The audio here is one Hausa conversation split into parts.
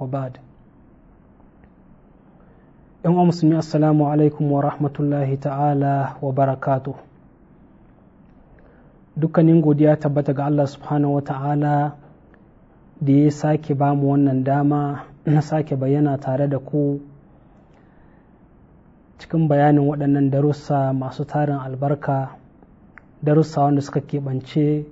وبعد ان yan uwa musulmi assalamu alaikum wa rahmatullahi ta'ala wa barakatu dukkanin godiya tabbata ga Allah subhanahu wa ta'ala da ya sake ba mu wannan dama na sake bayyana tare da ku cikin bayanin waɗannan darussa masu tarin albarka darussa wanda suka keɓance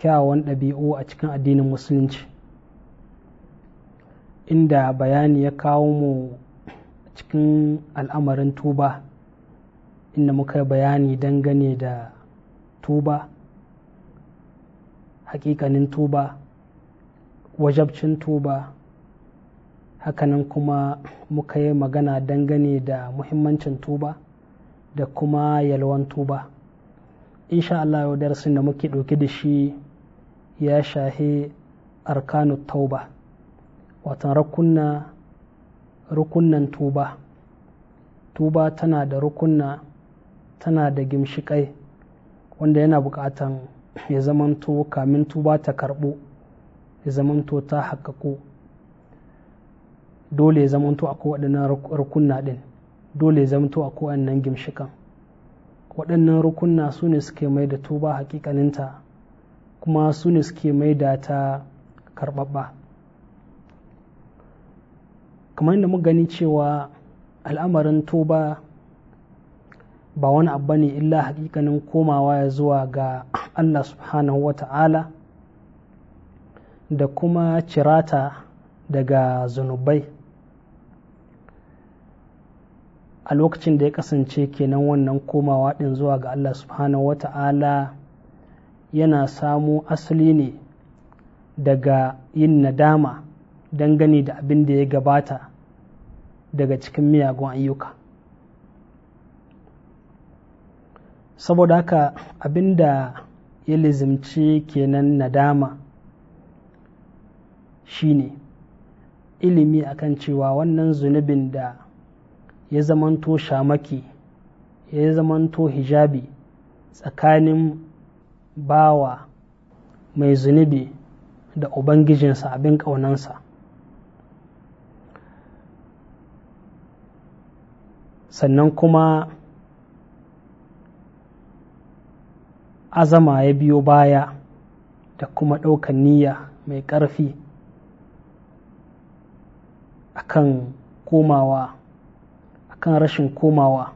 kyawawan ɗabi'u a cikin addinin musulunci inda bayani ya kawo mu cikin al'amarin tuba inda muka bayani dangane da tuba hakikanin tuba wajabcin tuba hakanan kuma muka yi magana dangane da muhimmancin tuba da kuma yalwan tuba insha Allah yau darasin da muke ɗauke da shi ya shahe arkanu tauba watan rukunnan tuba tuba tana da rukunna tana da gimshikai wanda yana bukatan ya zamanto kamin tuba ta karɓo ya zamanto ta haƙaƙo dole ya zamanto akwai waɗannan rukunna ɗin dole ya zamanto akwai waɗannan gimshikan waɗannan rukunna su ne suke mai da tuba haƙiƙaninta kuma su ne suke mai da ta karɓaɓɓa kamar yadda muka gani cewa al'amarin toba ba wani abu ne illa hakikanin komawa ya zuwa ga Allah subhanahu wa ta'ala da kuma cirata daga zunubai a lokacin da ya kasance kenan wannan komawa ɗin zuwa ga Allah subhanahu wa ta'ala yana samo asali ne daga yin nadama dangane da abin da ya gabata daga cikin miyagun ayyuka saboda haka abin da ya lizimci kenan nadama shine ilimi akan cewa wannan zunubin da ya zamanto shamaki ya zamanto hijabi tsakanin bawa mai zunubi da ubangijinsa abin ƙaunansa sannan kuma azama ya biyo baya da kuma ɗaukan niyya mai ƙarfi akan komawa akan rashin komawa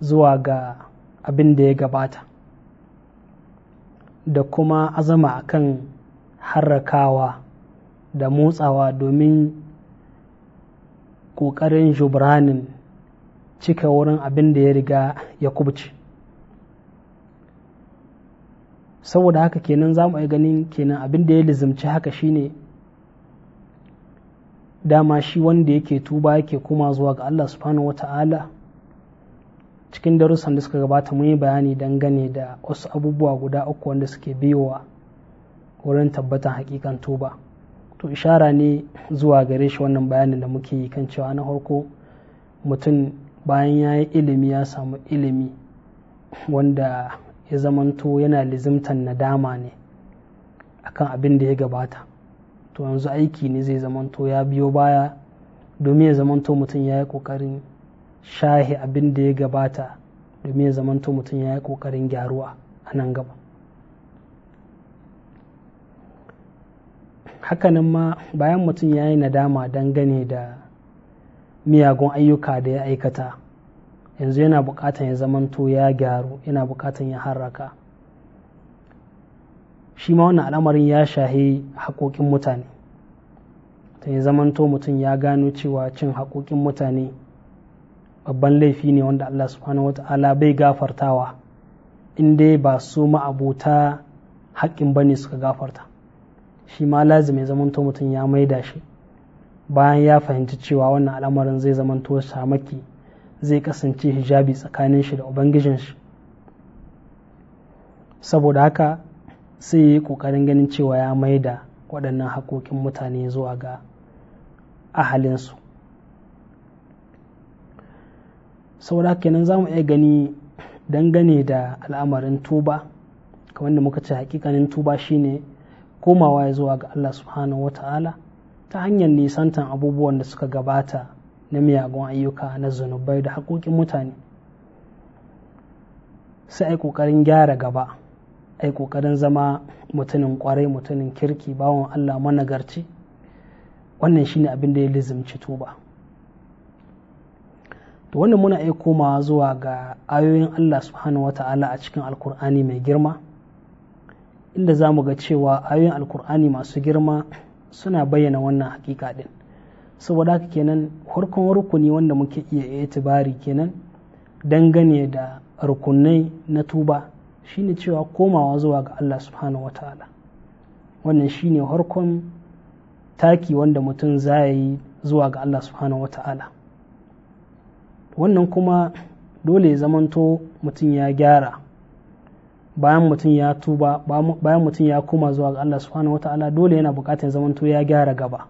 zuwa ga abin da ya gabata da kuma azama akan harrakawa da motsawa domin ƙoƙarin jubranin cika wurin abin da ya riga ya kubuce saboda haka kenan za mu yi ganin kenan abin da ya lizimci haka shine dama shi wanda yake tuba yake kuma zuwa ga Allah subhanahu wa ta'ala cikin darussan da suka gabata mun yi bayani dangane da wasu abubuwa guda uku wanda suke biyowa wurin tabbatar hakikan tuba to ishara ne zuwa gare shi wannan bayanin da muke yi kan cewa na farko mutum bayan ya yi ilimi ya samu ilimi wanda ya zamanto yana lizimtan nadama ne akan abin da ya gabata to yanzu aiki ne zai zamanto ya biyo baya domin ya zamanto mutum ya yi ƙoƙarin shahi abin da ya gabata domin ya zamanto mutum ya yi ƙoƙarin gyaruwa a nan gaba hakanan ma bayan mutum ya yi nadama dangane da miyagun ayyuka da ya aikata yanzu yana bukatan ya zamanto ya gyaru yana bukatan ya harraka shi ma wannan al'amarin ya shahi haƙoƙin mutane ta ya zamanto mutum ya gano cewa cin haƙoƙin mutane babban laifi ne wanda Allah subhanahu wata'ala bai gafartawa inda ba su ma'abuta haƙƙin bane suka gafarta shi ma lazim ya zamanto mutum ya maida shi bayan ya fahimci cewa wannan al'amarin zai zamanto samaki zai kasance hijabi tsakanin shi da ubangijin shi saboda haka sai yi ƙoƙarin ganin cewa ya maida waɗannan haƙoƙin mutane zuwa ga ahalinsu saboda haka kenan za mu iya gani dangane da al'amarin tuba kamar da muka ce hakikanin tuba shine komawa zuwa ga Allah subhanahu wa ta'ala ta hanyar nisantan abubuwan da suka gabata na miyagun ayyuka na zunubai da haƙoƙin mutane sai ai ƙoƙarin gyara gaba ai ƙoƙarin zama mutumin kwarai mutumin kirki bawan allah managarci wannan shine abin da ya lizimci tuba to wannan muna iya komawa zuwa ga ayoyin allah subhanahu wata'ala a cikin alkur'ani mai girma inda za mu ga cewa ayoyin alkur'ani masu girma suna bayyana wannan hakika din saboda haka kenan harkon rukuni wanda muke iya itibari kenan dangane da rukunai na tuba shine cewa komawa zuwa ga Allah subhanahu wataala wannan shine harkon taki wanda mutum za yi zuwa ga Allah subhanahu wataala wannan kuma dole ya zamanto mutum ya gyara bayan mutum ya tuba bayan mutum ya koma zuwa ga Allah subhanahu wataala dole yana bukatar zamanto ya gyara gaba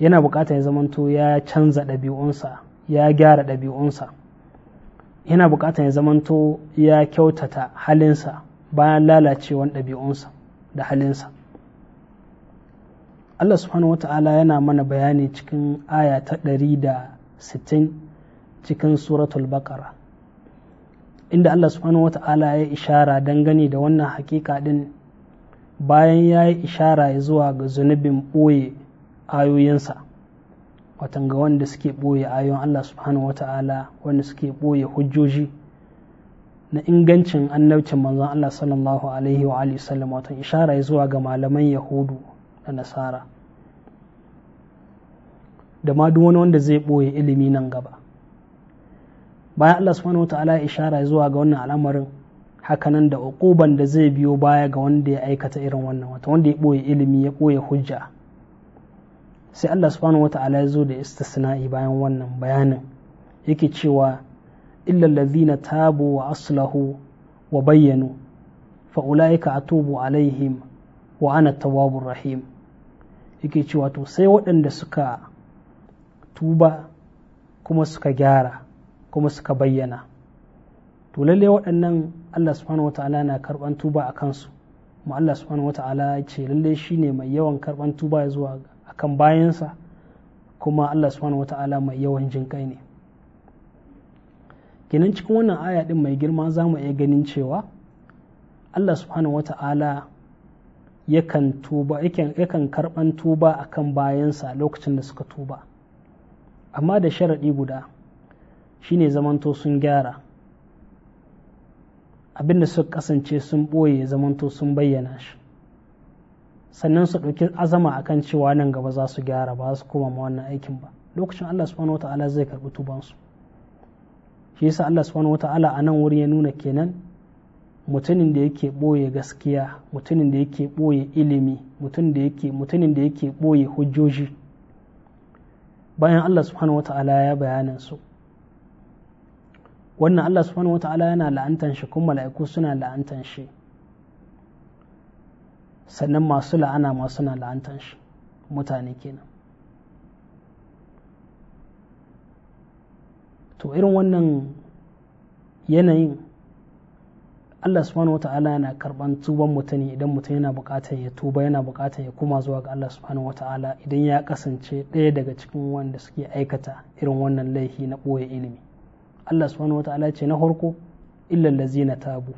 yana bukatar ya zamanto ya canza ɗabi'unsa ya gyara ɗabi'unsa yana bukatar ya zamanto ya kyautata halinsa bayan lalacewan ɗabi'unsa da halinsa Allah subhanahu wata'ala yana mana bayani cikin aya ta 160 cikin suratul baqara inda Allah subhanahu wata'ala ya ishara gani da wannan hakika din bayan ya yi ishara ya zuwa ga zunubin ɓoye ayoyinsa watan ga wanda suke ɓoye ayoyin Allah subhanahu wata'ala wanda suke ɓoye hujjoji na ingancin annabcin manzon Allah sallallahu alaihi wa alihi sallam watan ishara ya zuwa ga malaman yahudu da nasara da ma duk wani wanda zai ɓoye ilimi nan gaba bayan Allah subhanahu wata'ala ya ishara zuwa ga wannan al'amarin hakanan da uquban da zai biyo baya ga wanda ya aikata irin wannan wato wanda ya boye ilimi ya boye hujja sai Allah subhanahu ala ya zo da istisna'i bayan wannan bayanin yake cewa illal ladhina tabu wa aslahu wa bayyanu fa ulaika atubu alaihim wa ana tawwabur rahim yake cewa to sai waɗanda suka tuba kuma suka gyara kuma suka bayyana to lalle waɗannan Allah subhanahu wa na karɓan tuba a kansu kuma Allah subhanahu wa ta'ala ya ce lalle shine mai yawan karɓan tuba zuwa akan bayansa kuma Allah subhanahu wa mai yawan jin kai ne kenan cikin wannan aya din mai girma za mu iya ganin cewa Allah subhanahu wa yakan tuba yakan karɓan tuba akan bayansa lokacin da suka tuba amma da sharaɗi guda shine zamanto sun gyara abinda suka kasance sun ɓoye zamanto sun bayyana shi sannan su ɗauki azama akan cewa nan gaba za su gyara ba su koma ma wannan aikin ba lokacin Allah subhanahu wata'ala zai karɓi tubansu shi yasa Allah subhanahu wata'ala a nan wuri ya nuna kenan mutumin da yake ɓoye gaskiya mutumin da yake ɓoye ilimi mutumin da yake ɓoye hujjoji bayan Allah subhanahu wata'ala ya bayanan su wannan Allah subhanahu wata'ala yana la'antan shi kuma mala'iku suna la'antan shi sannan masu la'ana ma suna la'antan shi mutane kenan to irin wannan yanayin Allah subhanahu wata'ala yana karban tuban mutane idan mutum yana bukatar ya tuba yana bukatar ya kuma zuwa ga Allah subhanahu wata'ala idan ya kasance ɗaya daga cikin wanda suke aikata irin wannan laifi na ɓoye ilimi Allah subhanahu ta'ala ce na da zina ta tabu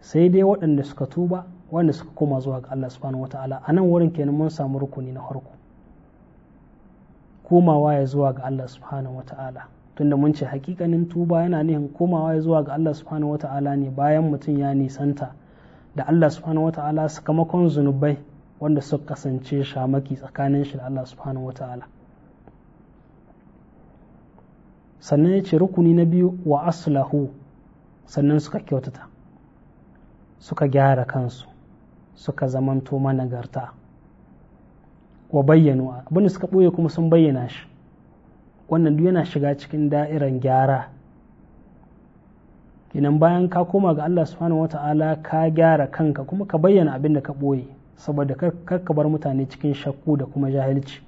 sai dai waɗanda suka tuba wanda suka koma zuwa ga Allah subhanahu ta'ala a nan wurin kenan mun samu rukuni na harko komawa ya zuwa ga Allah subhanahu tun tunda mun ce hakikanin tuba yana nihin komawa ya zuwa ga Allah subhanahu ta'ala ne bayan mutum ya nisanta da Allah subhanahu ta'ala sakamakon zunubai wanda suka kasance shamaki tsakanin shi da Allah subhanahu ta'ala. sannan ya ce rukuni na biyu wa aslahu sannan suka kyautata suka gyara kansu suka zamanto managarta wa bayyano abin da suka ɓoye kuma sun bayyana shi wannan duk yana shiga cikin da'iran gyara kinan bayan ka koma ga Allah subhanahu wata'ala ka gyara kanka kuma ka bayyana abin da ka ɓoye saboda kar bar mutane cikin shakku da kuma jahilci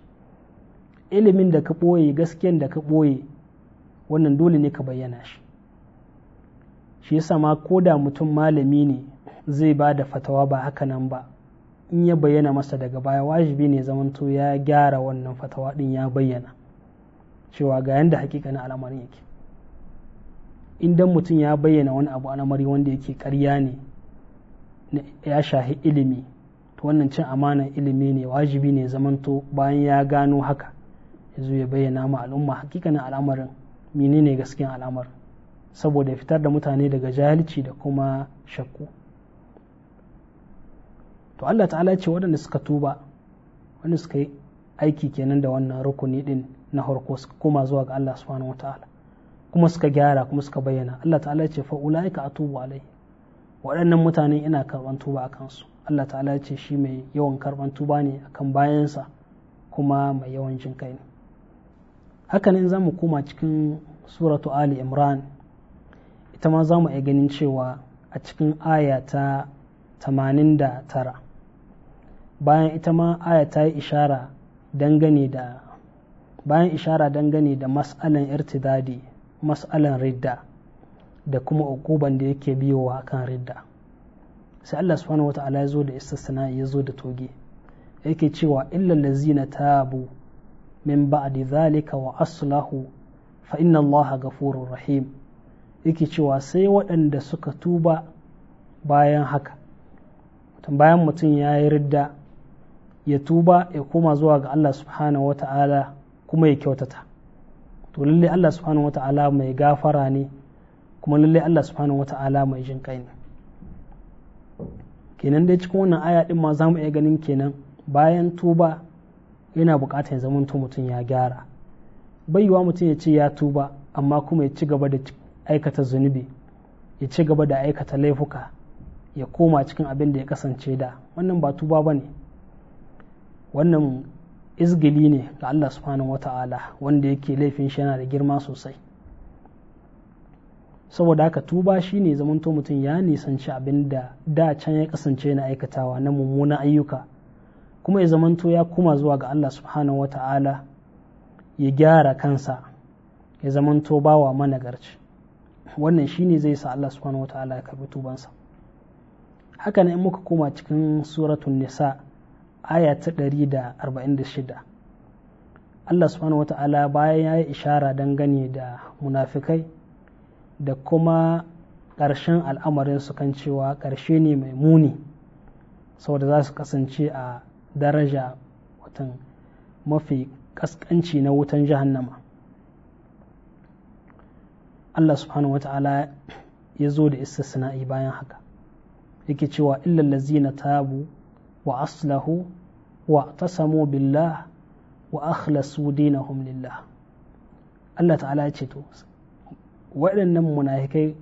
ilimin da ka ɓoye gaskiyan da ka ɓoye wannan dole ne ka bayyana shi shi yasa ma ko da mutum malami ne zai ba da fatawa ba haka nan ba in ya bayyana masa daga baya wajibi ne zamanto ya gyara wannan fatawa din ya bayyana cewa ga yanda na al'amarin yake idan mutum ya bayyana wani abu al'amari wanda yake karya ne ya shahi ilimi to wannan cin amanan ilimi ne wajibi ne zamanto bayan ya gano haka ya zo ya bayyana ma al'umma hakika na al'amarin menene gaskiyan al'amar saboda ya fitar da mutane daga jahilci da kuma shakku to Allah ta'ala ce waɗanda suka tuba wanda suka yi aiki kenan da wannan rukuni din na harko suka koma zuwa ga Allah subhanahu wataala kuma suka gyara kuma suka bayyana Allah ta'ala ce fa ulaika atubu alai waɗannan mutane ina karban tuba akan su Allah ta'ala ce shi mai yawan karban tuba ne akan bayansa kuma mai yawan jin kai ne haka nan za mu koma cikin suratu ali imran ita ma za mu iya ganin cewa a cikin aya ta 89 bayan ita ma aya ta yi ishara dangane da bayan ishara dangane da mas'alan irtidadi mas'alan ridda da kuma ukuban da yake biyowa kan ridda sai Allah subhanahu ta'ala ya zo da istisna ya zo da toge yake cewa illal lazina tabu min ba'di zalika wa aslahu fa inna allaha rahim yake cewa sai waɗanda suka tuba bayan haka bayan mutum ya yi ridda ya tuba ya koma zuwa ga Allah subhanahu wa ta'ala kuma ya kyautata to lalle Allah subhanahu wa ta'ala mai gafara ne kuma lalle Allah subhanahu wa ta'ala mai jin kai ne kenan dai cikin wannan aya din ma za mu iya ganin kenan bayan tuba yana bukatar ya zamanto mutum ya gyara baiwa mutum ya ce ya tuba amma kuma ya ci gaba da aikata zunubi ya ci gaba da aikata laifuka ya koma cikin abin da ya kasance da wannan ba tuba ba ne wannan izgili ne ga Allah subhanahu wata'ala wanda yake laifin shi yana da girma sosai saboda haka tuba shi ne zamanto mutum ya nisanci abin da da can ya kasance na aikatawa na mummunan ayyuka kuma ya zamanto ya kuma zuwa ga Allah subhanahu ta'ala ya gyara kansa ya zamanto bawa managarci wannan shine zai sa Allah subhanahu ta'ala ya karbi tubansa haka in muka koma cikin suratun nisa aya ta 146 Allah subhanahu ta'ala bayan ya yi ishara dangane da munafikai da kuma ƙarshen al'amarin su kan cewa ƙarshe ne mai muni saboda za su kasance a daraja watan mafi kaskanci na wutan jahannama Allah subhanahu wata'ala ya zo da istisna'i bayan haka yake cewa illallazina tabu wa aslahu wa tasamu billah wa akhlasu dinahum lillah Allah ta'ala ya ce to waɗannan munafikai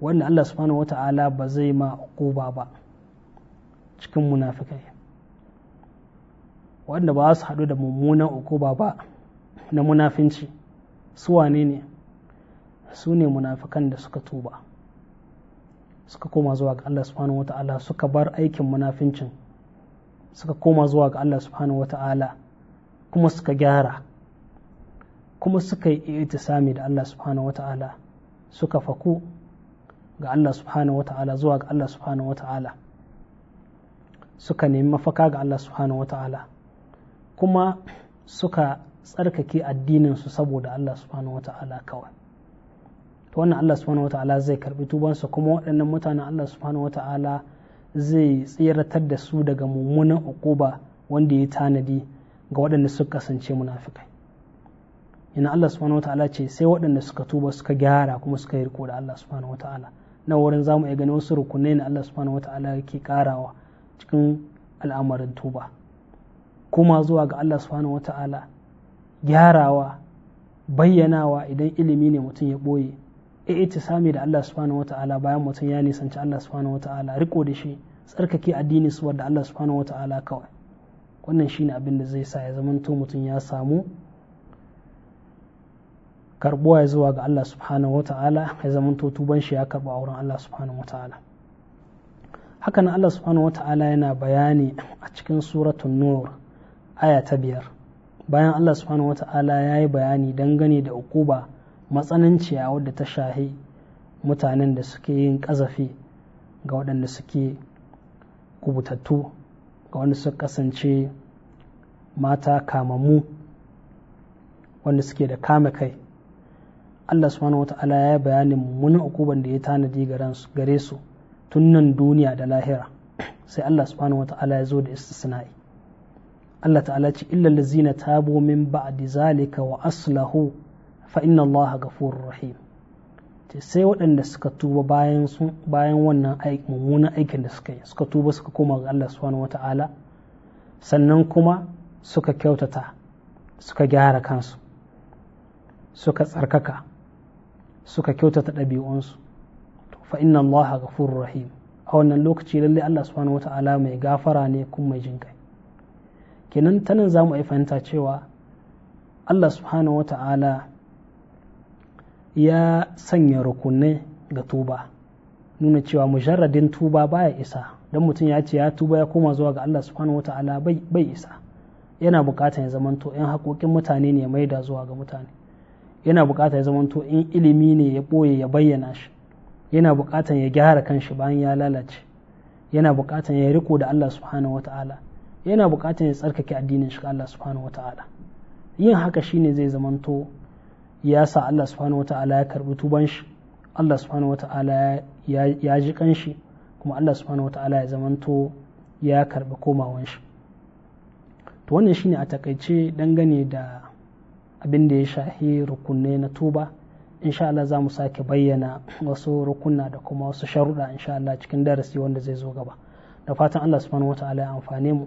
wanda Allah subhanahu wata'ala ba zai ma ba cikin munafikai wanda ba su haɗu da mummunan ukuba ba na munafinci su wane ne su ne munafikan da suka tuba suka koma zuwa ga Allah subhanahu wata'ala suka bar aikin munafincin suka koma zuwa ga Allah subhanahu wata'ala kuma suka gyara kuma suka yi itisami da Allah subhanahu wata'ala suka faku ga Allah subhanahu wata'ala zuwa ga Allah subhanahu wata'ala suka nemi mafaka ga Allah subhanahu wata'ala kuma suka tsarkake addininsu saboda Allah subhanahu wa ta'ala kawai to wannan Allah subhanahu wa ta'ala zai karbi tubansu kuma waɗannan mutanen Allah subhanahu wa ta'ala zai tsiratar da su daga mummunan uquba wanda ya tanadi ga waɗanda suka kasance munafikai ina Allah subhanahu ta'ala ce sai waɗanda suka tuba suka gyara kuma suka yi riko da Allah subhanahu ta'ala na wurin zamu iya ganin wasu rukunai na Allah subhanahu ta'ala yake karawa cikin al'amarin tuba koma zuwa ga Allah subhanahu wata'ala gyarawa bayyanawa idan ilimi ne mutum ya ɓoye ita sami da Allah subhanahu wata'ala bayan mutum ya nisanci Allah subhanahu wata'ala riko da shi tsarkake addini su da Allah subhanahu wata'ala kawai wannan shine abin da zai sa ya to mutum ya samu karbuwa ya zuwa ga Allah subhanahu wata'ala ya to tuban shi ya karba a wurin Allah subhanahu wata'ala hakan Allah subhanahu wata'ala yana bayani a cikin suratun nur aya ta biyar bayan Allah subhanahu wata'ala ya yi bayani dangane da ukuba matsananciya wadda ta shahi mutanen da suke yin kazafi ga waɗanda suke kubutattu ga wanda suka kasance mata kamammu wanda suke da kame kai Allah subhanahu wata'ala ya yi bayanin mummunan ukuban da ya tanadi gare su tun nan duniya da lahira sai Allah subhanahu wata'ala ya zo da istisna'i Allah ta'ala ce illal ladzina tabu min ba'di zalika wa aslahu fa inna Allah ghafurur rahim ce sai waɗanda suka tuba bayan sun bayan wannan mummunan aikin da suka yi suka tuba suka koma ga Allah subhanahu wata'ala sannan kuma suka kyautata suka gyara kansu suka tsarkaka suka kyautata ɗabi'unsu fa inna Allah ghafurur rahim a wannan lokaci lalle Allah subhanahu wata'ala mai gafara ne kuma mai jinkai kenan ta nan za mu fahimta cewa Allah subhanahu wata'ala ya sanya rukunai ga tuba nuna cewa mujarradin tuba baya isa don mutum ya ce ya tuba ya koma zuwa ga Allah subhanahu wata'ala bai isa yana bukatar ya zamanto in haƙoƙin mutane ne ya maida zuwa ga mutane yana bukatar ya zamanto in ilimi ne ya ɓoye ya bayyana shi yana bukatar ya gyara kanshi bayan ya lalace yana bukatar ya riko da Allah subhanahu wata'ala yana buƙatar ya tsarkake addinin shi Allah subhanahu wata'ala yin haka shine zai zamanto ya sa Allah subhanahu wata'ala ya karbi tuban shi Allah subhanahu wata'ala ya ji shi kuma Allah subhanahu wata'ala ya zamanto ya karbi komawan shi to wannan shine a takaice dangane da abin da ya shahi rukunne na tuba insha Allah za mu sake bayyana wasu rukunna da kuma wasu sharuɗa insha Allah cikin darasi wanda zai zo gaba da fatan Allah subhanahu wata'ala ya amfane mu